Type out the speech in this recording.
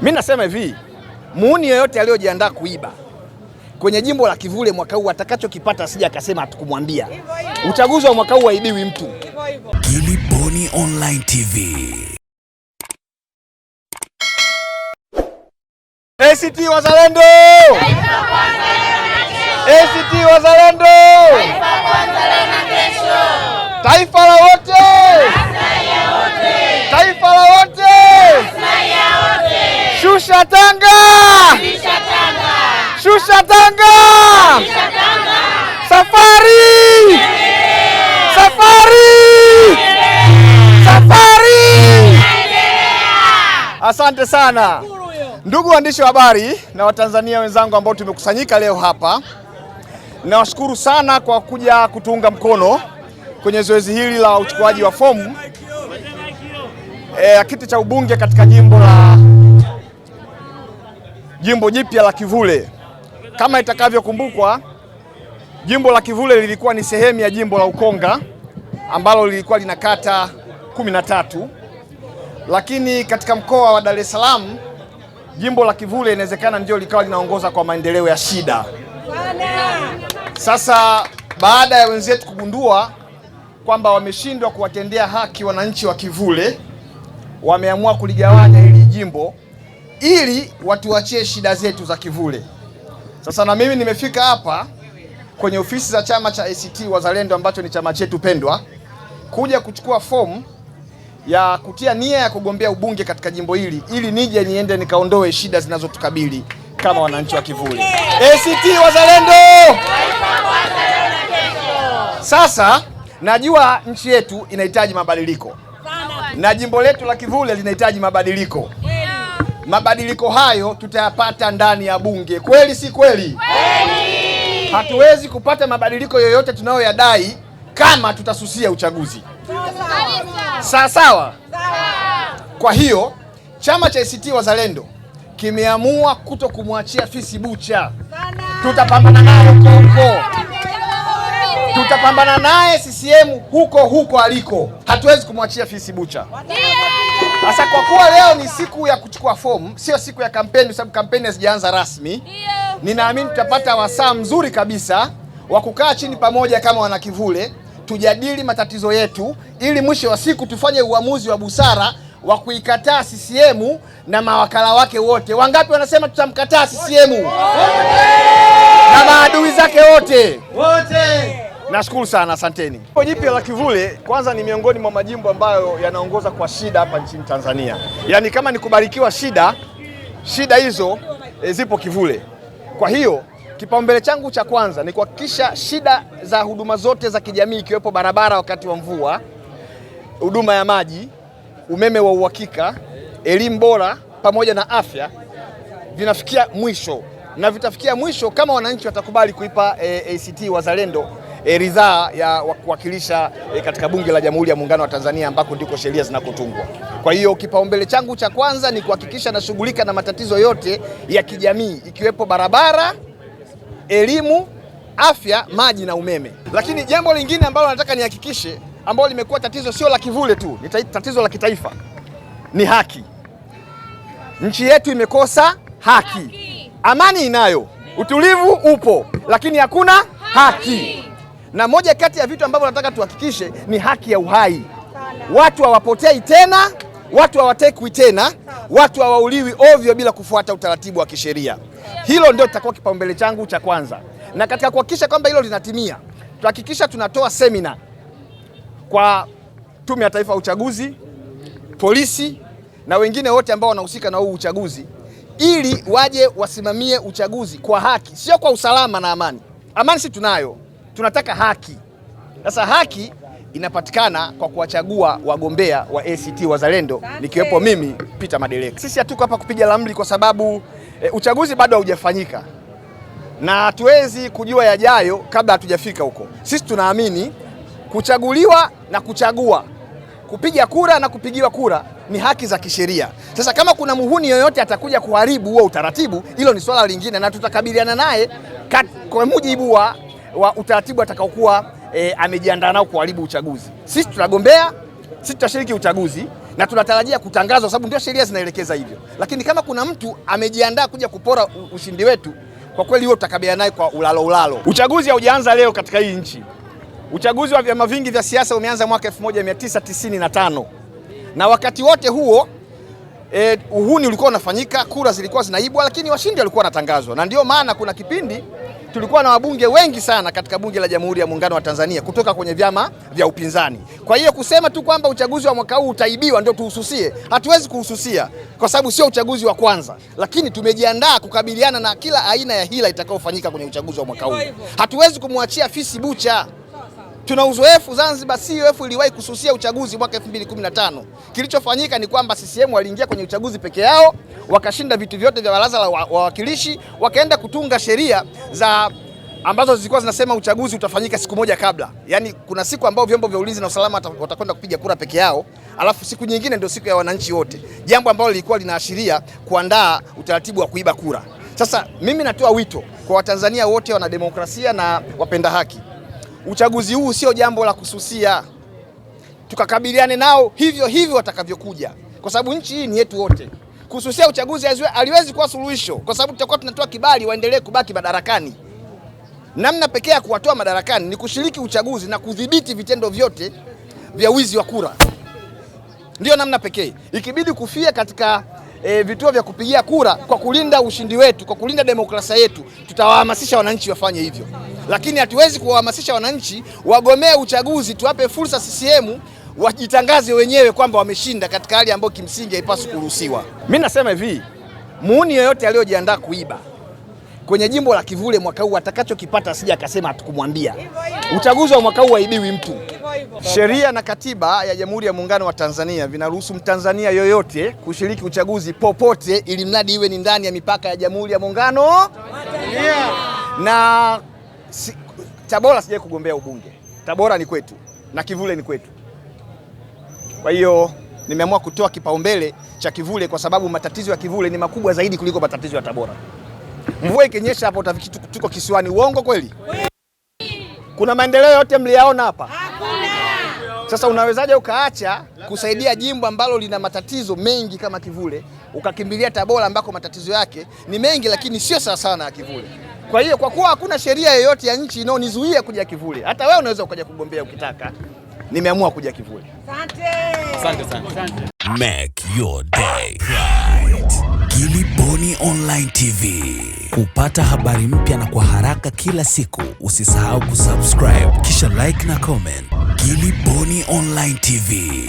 Mi nasema hivi, muuni yoyote aliyojiandaa kuiba kwenye jimbo la Kivule mwaka huu atakachokipata asija akasema hatukumwambia. Uchaguzi wa mwaka huu haibiwi mtu. Gilly Bonny Online TV. ACT Wazalendo! ACT Wazalendo! Taifa la wote! Taifa la wote! Shusha tanga! Shusha tanga! Safari! Safari! Safari! Asante sana. Ndugu waandishi wa habari na Watanzania wenzangu ambao tumekusanyika leo hapa, nawashukuru sana kwa kuja kutuunga mkono kwenye zoezi hili la uchukuaji wa fomu e, kiti cha ubunge katika jimbo la jimbo jipya la Kivule. Kama itakavyokumbukwa, jimbo la Kivule lilikuwa ni sehemu ya jimbo la Ukonga ambalo lilikuwa lina kata kumi na tatu, lakini katika mkoa wa Dar es Salaam jimbo la Kivule inawezekana ndio likawa linaongoza kwa maendeleo ya shida. Sasa baada ya wenzetu kugundua kwamba wameshindwa kuwatendea haki wananchi wa Kivule, wameamua kuligawanya hili jimbo ili watuachie shida zetu za kivule. Sasa na mimi nimefika hapa kwenye ofisi za chama cha ACT Wazalendo ambacho ni chama chetu pendwa kuja kuchukua fomu ya kutia nia ya kugombea ubunge katika jimbo hili ili nije niende nikaondoe shida zinazotukabili kama wananchi wa kivuli. ACT Wazalendo! Sasa najua nchi yetu inahitaji mabadiliko na jimbo letu la kivule linahitaji mabadiliko. Mabadiliko hayo tutayapata ndani ya Bunge, kweli si kweli? Kweli. Hatuwezi kupata mabadiliko yoyote tunayoyadai kama tutasusia uchaguzi. Sawa sawa. Kwa hiyo chama cha ACT Wazalendo kimeamua kuto kumwachia fisi bucha. Tutapambana naye huko huko, tutapambana naye CCM huko huko aliko. Hatuwezi kumwachia fisi bucha. Sasa kwa kuwa leo ni siku ya kuchukua fomu, sio siku ya kampeni, kwa sababu kampeni hazijaanza rasmi, ninaamini tutapata wasaa mzuri kabisa wa kukaa chini pamoja kama wanakivule, tujadili matatizo yetu, ili mwisho wa siku tufanye uamuzi wa busara wa kuikataa CCM na mawakala wake wote. Wangapi wanasema tutamkataa CCM na maadui zake wote wote? Nashukuru sana, asanteni. Jimbo jipya la Kivule kwanza ni miongoni mwa majimbo ambayo yanaongoza kwa shida hapa nchini Tanzania. Yaani kama ni kubarikiwa shida, shida hizo e, zipo Kivule. Kwa hiyo kipaumbele changu cha kwanza ni kuhakikisha shida za huduma zote za kijamii ikiwepo barabara wakati wa mvua, huduma ya maji, umeme wa uhakika, elimu bora pamoja na afya vinafikia mwisho na vitafikia mwisho kama wananchi watakubali kuipa e, ACT Wazalendo e, ridhaa ya kuwakilisha e, katika Bunge la Jamhuri ya Muungano wa Tanzania ambako ndiko sheria zinakotungwa. Kwa hiyo kipaumbele changu cha kwanza ni kuhakikisha nashughulika na matatizo yote ya kijamii ikiwepo barabara, elimu, afya, maji na umeme. Lakini jambo lingine ambalo nataka nihakikishe, ambalo limekuwa tatizo sio la kivule tu, ni tatizo la kitaifa, ni haki. Nchi yetu imekosa haki. Amani inayo, utulivu upo, lakini hakuna haki na moja kati ya vitu ambavyo nataka tuhakikishe ni haki ya uhai. Watu hawapotei tena, watu hawatekwi tena, watu hawauliwi ovyo bila kufuata utaratibu wa kisheria. Hilo ndio litakuwa kipaumbele changu cha kwanza, na katika kuhakikisha kwamba hilo linatimia, tuhakikisha tunatoa semina kwa Tume ya Taifa ya Uchaguzi, polisi na wengine wote ambao wanahusika na huu uchaguzi, ili waje wasimamie uchaguzi kwa haki, sio kwa usalama na amani. Amani si tunayo tunataka haki. Sasa haki inapatikana kwa kuwachagua wagombea wa ACT Wazalendo, nikiwepo mimi Peter Madeleke. Sisi hatuko hapa kupiga ramli kwa sababu e, uchaguzi bado haujafanyika na hatuwezi kujua yajayo kabla hatujafika huko. Sisi tunaamini kuchaguliwa na kuchagua, kupiga kura na kupigiwa kura ni haki za kisheria. Sasa kama kuna muhuni yoyote atakuja kuharibu huo utaratibu, hilo ni swala lingine na tutakabiliana naye kwa mujibu wa wa utaratibu atakaokuwa e, amejiandaa nao kuharibu uchaguzi. Sisi tutagombea, sisi tutashiriki uchaguzi na tunatarajia kutangazwa, sababu ndio sheria zinaelekeza hivyo. Lakini kama kuna mtu amejiandaa kuja kupora ushindi wetu, kwa kweli huo tutakabiliana naye kwa ulalo ulalo. Uchaguzi haujaanza leo katika hii nchi. Uchaguzi wa vyama vingi vya siasa umeanza mwaka 1995 na wakati wote huo E, uhuni ulikuwa unafanyika, kura zilikuwa zinaibwa, lakini washindi walikuwa wanatangazwa, na ndio maana kuna kipindi tulikuwa na wabunge wengi sana katika bunge la Jamhuri ya Muungano wa Tanzania kutoka kwenye vyama vya upinzani. Kwa hiyo kusema tu kwamba uchaguzi wa mwaka huu utaibiwa ndio tuhususie, hatuwezi kuhususia kwa sababu sio uchaguzi wa kwanza, lakini tumejiandaa kukabiliana na kila aina ya hila itakayofanyika kwenye uchaguzi wa mwaka huu. Hatuwezi kumwachia fisi bucha. Tuna uzoefu Zanzibar, CUF iliwahi kususia uchaguzi mwaka 2015. Kilichofanyika ni kwamba CCM waliingia kwenye uchaguzi peke yao, wakashinda vitu vyote vya baraza la wawakilishi, wakaenda kutunga sheria za ambazo zilikuwa zinasema uchaguzi utafanyika siku moja kabla. Yaani kuna siku ambayo vyombo vya ulinzi na usalama watakwenda kupiga kura peke yao, alafu siku nyingine ndio siku ya wananchi wote, jambo ambalo lilikuwa linaashiria kuandaa utaratibu wa kuiba kura. Sasa mimi natoa wito kwa Watanzania wote wanademokrasia na wapenda haki Uchaguzi huu sio jambo la kususia, tukakabiliane nao hivyo hivyo watakavyokuja, kwa sababu nchi hii ni yetu wote. Kususia uchaguzi aliwezi kuwa suluhisho, kwa sababu tutakuwa tunatoa kibali waendelee kubaki madarakani. Namna pekee ya kuwatoa madarakani ni kushiriki uchaguzi na kudhibiti vitendo vyote vya wizi wa kura, ndiyo namna pekee. Ikibidi kufia katika e, vituo vya kupigia kura kwa kulinda ushindi wetu, kwa kulinda demokrasia yetu, tutawahamasisha wananchi wafanye hivyo lakini hatuwezi kuwahamasisha wananchi wagomee uchaguzi. Tuwape fursa CCM wajitangaze wenyewe kwamba wameshinda katika hali ambayo kimsingi haipaswi kuruhusiwa. Mimi nasema hivi, muuni yoyote aliyojiandaa kuiba kwenye jimbo la Kivule mwaka huu atakachokipata asija akasema hatukumwambia. Uchaguzi wa mwaka huu haibiwi mtu. Sheria na katiba ya Jamhuri ya Muungano wa Tanzania vinaruhusu Mtanzania yoyote kushiriki uchaguzi popote, ili mradi iwe ni ndani ya mipaka ya Jamhuri ya Muungano na si, Tabora sijai kugombea ubunge. Tabora ni kwetu na Kivule ni kwetu. Kwa hiyo nimeamua kutoa kipaumbele cha Kivule kwa sababu matatizo ya Kivule ni makubwa zaidi kuliko matatizo ya Tabora. Mvua ikinyesha hapo utafikiri tuko kisiwani. Uongo kweli? Kuna maendeleo yote mliyaona hapa? Hakuna. Sasa unawezaje ukaacha kusaidia jimbo ambalo lina matatizo mengi kama Kivule ukakimbilia Tabora ambako matatizo yake ni mengi, lakini sio sawa sana ya Kivule. Kwa hiyo kwa kuwa hakuna sheria yoyote ya nchi inayonizuia kuja kivuli, hata wewe unaweza ukaja kugombea ukitaka. Nimeamua kuja kivuli. Asante. Asante sana. Asante. Make your day right. Gilly Bonny Online TV. Kupata habari mpya na kwa haraka kila siku, usisahau kusubscribe kisha like na comment. Gilly Bonny Online TV.